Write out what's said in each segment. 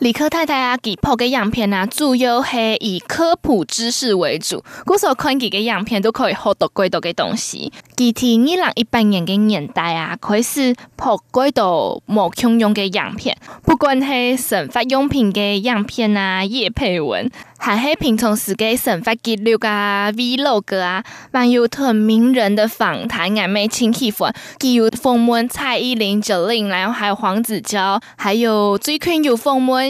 理科太太啊，寄破個樣片啊，主要係以科普知識為主。古早看幾個樣片都可以好得鬼多嘅東西。記得二零一八年的年代啊，開始破鬼多毛槍用嘅樣片，不管是生活用品的樣片啊、業配文，還黑平常時嘅生活記錄啊、Vlog 啊、YouTube 名人的訪談啊，每清期換。比如鳳妹、蔡依林、周玲，然後還有黃子佼，還有最 Q 有鳳妹。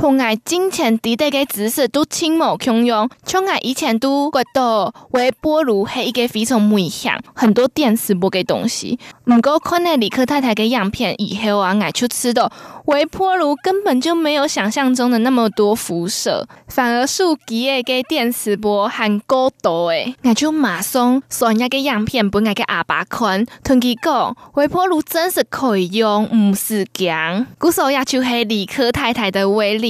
碰愛金錢得得個知識都輕冇用，像愛以前都覺得微波爐是一個非常危險，很多電磁波的東西。唔過看奈理科太太個樣片以後啊，愛就知道微波爐根本就沒有想象中的那麼多輻射，反而手機個電磁波還高多誒。愛就馬上所以個樣片本愛個阿爸看，突然間講微波爐真是可以用，唔是強。古時候也就係理科太太的威力。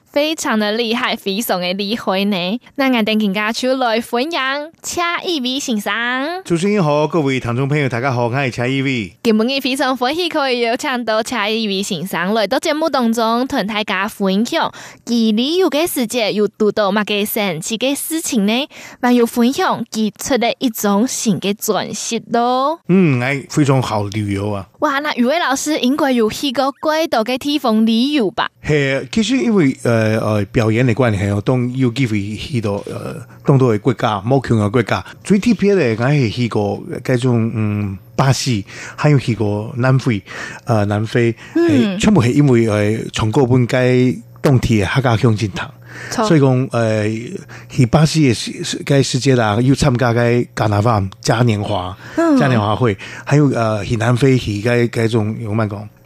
非常的厲害，非常嘅厲害呢！那我等更加出來分享，謝宇威先生。主持人好，各位聽眾朋友，大家好，我是謝宇威。今日非常歡喜，可以有請到謝宇威先生來到節目當中，同大家分享，旅遊嘅世界有好到嘛個神奇嘅事情呢，還有分享，給出的一種新嘅詮釋咯。嗯，哎，非常好，旅遊啊！哇，那宇威老師應該有去過幾多個地方旅遊吧？誒，其實因為誒誒、呃呃、表演的關係，當又機會許、呃、多誒，當到個國家，某強嘅國家，最特別嘅我係去過嗰種嗯巴西，還有去過南非，呃南非，嗯、全部係因為誒從嗰本街當地客家鄉進談，嗯、所以講誒、呃、去巴西嘅時，嘅時節啦，又參加該加拿大嘉年華、嘉、嗯、年華會，還有誒、呃、去南非去該該種點樣講？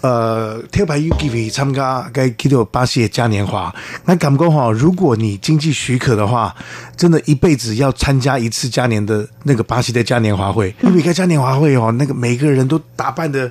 呃貼牌，有機會參加該去到巴西的嘉年華，那敢公好，如果你經濟許可的話，真的一輩子要參加一次嘉年的那個巴西的嘉年華會，因為開嘉年華會哦，那個每個人都打扮的。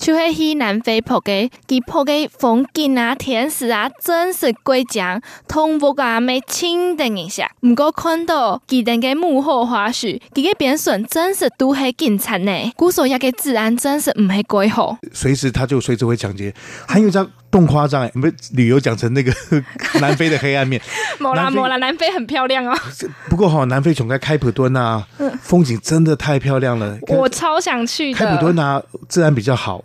就係去南非拍嘅，佢拍嘅風景啊、天使啊，真是鬼像，通無個阿妹親的印象。唔過看到佢哋嘅幕後花絮，佢嘅表現真是都係精彩呢。古時候嘅治安真是不會鬼好，隨時他就隨時會搶劫。還有一張動誇張、欸，哎，唔旅遊講成那個 南非的黑暗面。冇 啦冇非啦，南非很漂亮哦、喔。 不過哈、喔，南非仲在開普敦啊，嗯、風景真的太漂亮了，我超想去的。開普敦啊，治安比較好。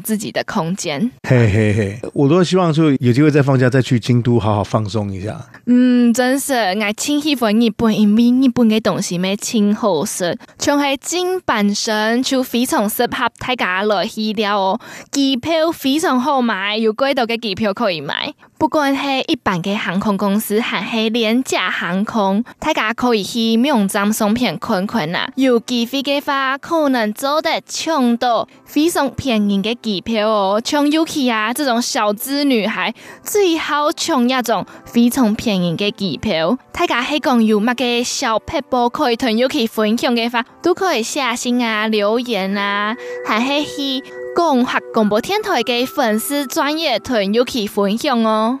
自己的空間，嘿嘿嘿，我都希望說有機會再放假再去京都好好放鬆一下。嗯，真是我幾鍾意日本，日本嘅東西咩清好食，仲係金板上就非常適合大家來去了哦。機票非常好買，有幾多嘅機票可以買，不管係一般嘅航空公司，還係廉價航空，大家可以去免張送片看看啊。有機會嘅話，可能走得搶多，非常便宜嘅。機票哦，像 y u k 啊這種小資女孩，最好搶那種非常便宜嘅機票。大家還講有乜嘅小撇步可以同 y u k 分享嘅話，都可以寫信啊、留言啊，還係去講學廣播電台嘅粉絲專業同 y u k 分享哦。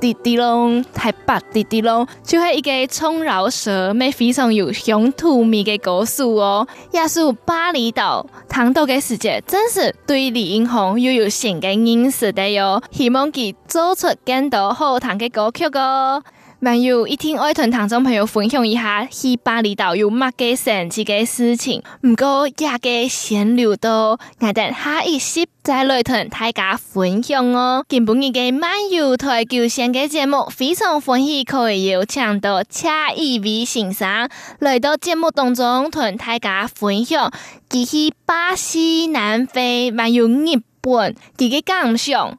滴滴龍，台北滴滴龍，就係一個蔥饒舌，賣非常有鄉土味嘅故事哦。亞屬巴厘島糖豆嘅世界，真是對李英宏又有新嘅認識的喲、哦。希望佢做出更多好聽嘅歌曲哦。慢遊一聽愛同聽眾朋友分享一下去巴厘島遊馬格什這個事情，不過價格先留到，等下一集再來同大家分享哦。今本日嘅慢遊台九線嘅節目非常歡喜，可以有請到謝宇威先生來到節目當中同大家分享，其實巴西、南非、還有日本，這個講唔上。